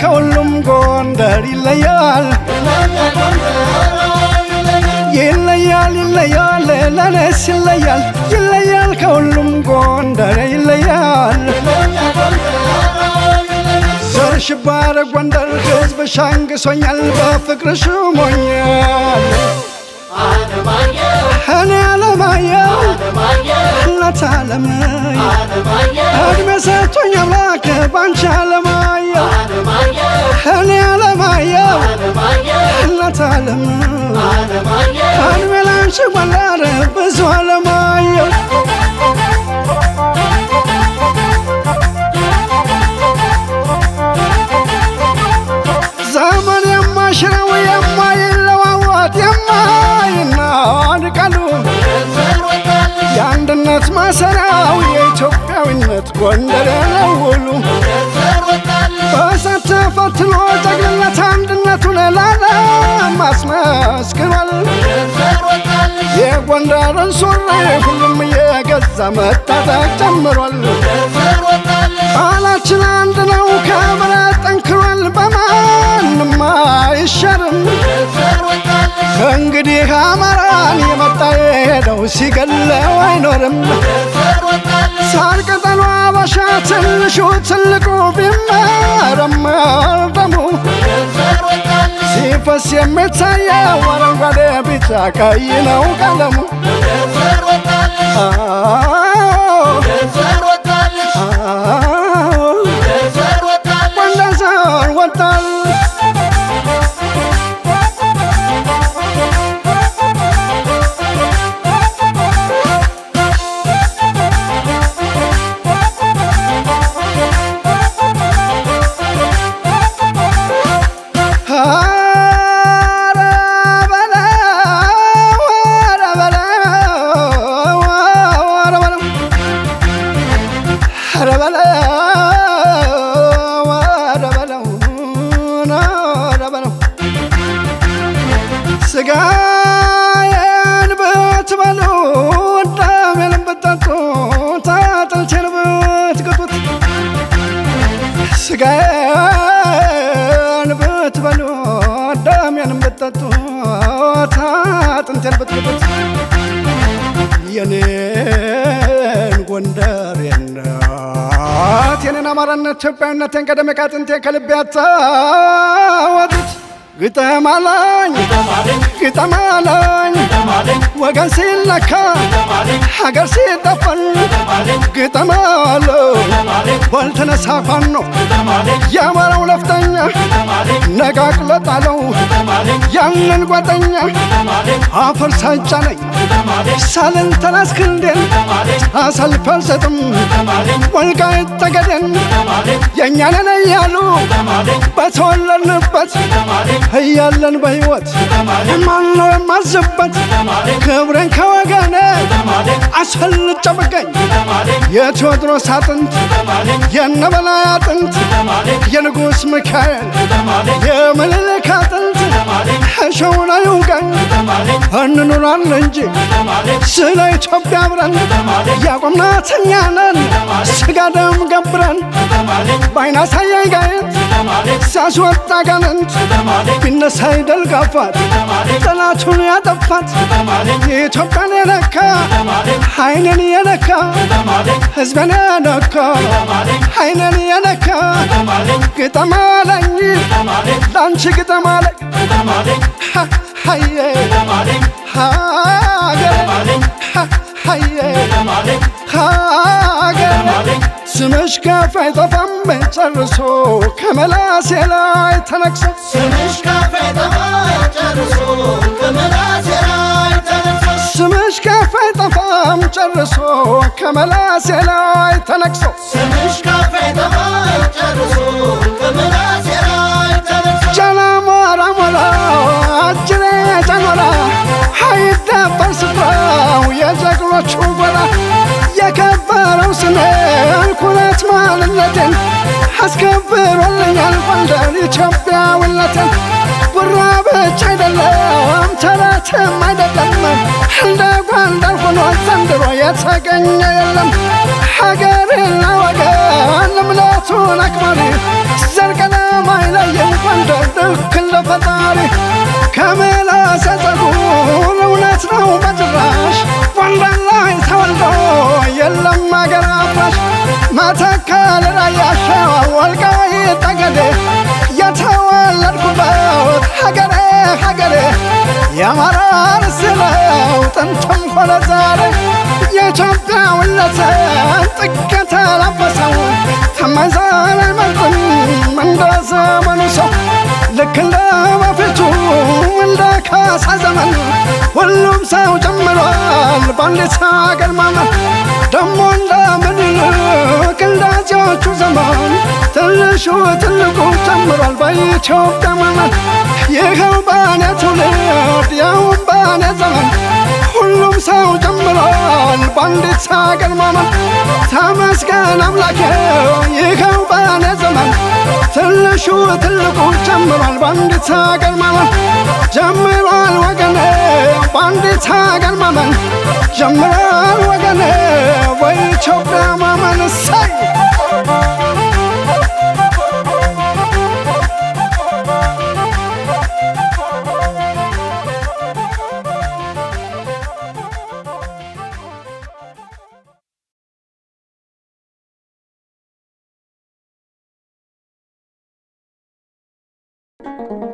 ከሁሉም ጎንደር ይለያል ይለያል ይለያል ለነስ ይለያል ይለያል ከሁሉም ጎንደር ይለያል ዘርሽ ባረ ጎንደር ሕዝብ ሻንግሶኛል በፍቅር ሽሞኛል እናት አለማየ እድሜ ሰጥቶኝ አምላክ ባንቺ አለማየ እኔ አለማየ እናት አለማየ እድሜ ላንቺ ባላረ ብዙ አለማየ አሰራው የኢትዮጵያዊነት ጎንደር ያለውሉ በእሳት ተፈትኖ ጀግንነት አንድነቱን ለዓለም አስመስክሯል። የጎንደርን ሱሪ ሁሉም እየገዛ መታጠቅ ጀምሯል። ባህላችን አንድ ነው ከብረት ጠንክሯል፣ በማንም አይሻርም። ከእንግዲህ አማ ሲገለው አይኖርም ሳር ቅጠሉ አበሻ ትንሹ ትልቁ ቢመረመር ደሙ ሲፈስ የሚታየው አረንጓዴ፣ ቢጫ፣ ቀይ ነው ቀለሙ። ስጋዬን ብትበሉ ደሜን ብትጠጡ አጥንቴን ብትበሉ የኔን ጎንደር የናት የኔን አማራነት ኢትዮጵያዊነቴን ቀደሜ ከአጥንቴ ከልቤ ግጠማለኝ ግጠማለኝ ግጠማለኝ ወገን ሲለካ ሀገር ሲጠፈል ግጠማዋለው ባልተነሳ ፋኖ ያማረው ለፍተኛ ነቃቅሎ ጣለው ያንን ጓደኛ አፈር ሳይጫነኝ ሳለን ተናስክንደን አሳልፍ አልሰጥም ወልቃይት ጠገደን የእኛ ነን እያሉ በተወለድንበት እያለን በሕይወት የማነው የማዝበት ክብረን ከወገነ አሰልጨ ብገኝ የቴዎድሮስ አጥንት የነበላይ አጥንት የንጉሥ ሚካኤል ሸውን አውቀን እንኑራን እንጂ ስለ ኢትዮጵያ አብረን ያቆምናት እኛ ነን። ስጋ ደም ገብረን ባይና ሳያይ ጋየት ሲያስወጣ ጋንንት ቢነሳ ይደልጋፋት ጠላቱን ያጠፋት የኢትዮጵያን የነካ አይንን የነካ ህዝብን የነካ አይንን የነካ ግጠማለ ላንቺ ግጠም አለኝ ሀዬ ሀገሬ ሀገሬ ስምሽ ከፍ አይጠፋም ጨርሶ ከመላሴ ላይ ተነግሶ ስምሽ ከፍ አይጠፋም ጨርሶ ከመላሴ ላይ ተነግሶ አይዳፈር ስፍራው የጀግኖቹ ጎራ የከበረው ስሜን ኩራት ማንነትን አስከብሮልኛል ጎንደር ኢትዮጵያዊነትን ጉራ ብቻ አይደለም ተረትም አይደለም እንደ ጎንደር ሆኖ ዘንድሮ የተገኘ የለም ሀገርና ራሱን አክባሪ ዘርቀና ማይለየው ወንደርድክ ለፈጣሪ ከምላሰ ጸጉር እውነት ነው በጭራሽ ወንበር ላይ ተወልዶ የለም አገር አፍራሽ መተከል ራያሻ ወልቃይት ጠገዴ የተወለድኩበት ሀገሬ ሀገሬ የአማራ ስለው ጥንትም ሆነ ዛሬ የኢትዮጵያውነትን ጥግ የተላበሰው ከማዛል አልመልጥም እንደ ዘመኑ ሰው ልክ እንደ በፊቱ እንደ ካሳ ዘመን ሁሉም ሰው ጀምሯል በአንዲት አገር ማመን ደሞ እንደምንልክ እንዳዚዎቹ ዘመን ትንሹ ትልቁ ጀምሯል በኢትዮጵያ ማመን ይኸው ባኔ ትውልድ ያውም ባኔ ዘመን ሁሉም ሰው ጀምሯል በአንዲት አገር ማመን ተመስገን አምላኬ ይኸው ባለ ዘመን ትንሹ ትልቁ ጀምሯል በአንዲት ሀገር ማመን ጀምሯል ወገኔ በአንዲት ሀገር ማመን ጀምሯል ወገኔ በኢትዮጵያ ማመን እሰይ Thank you.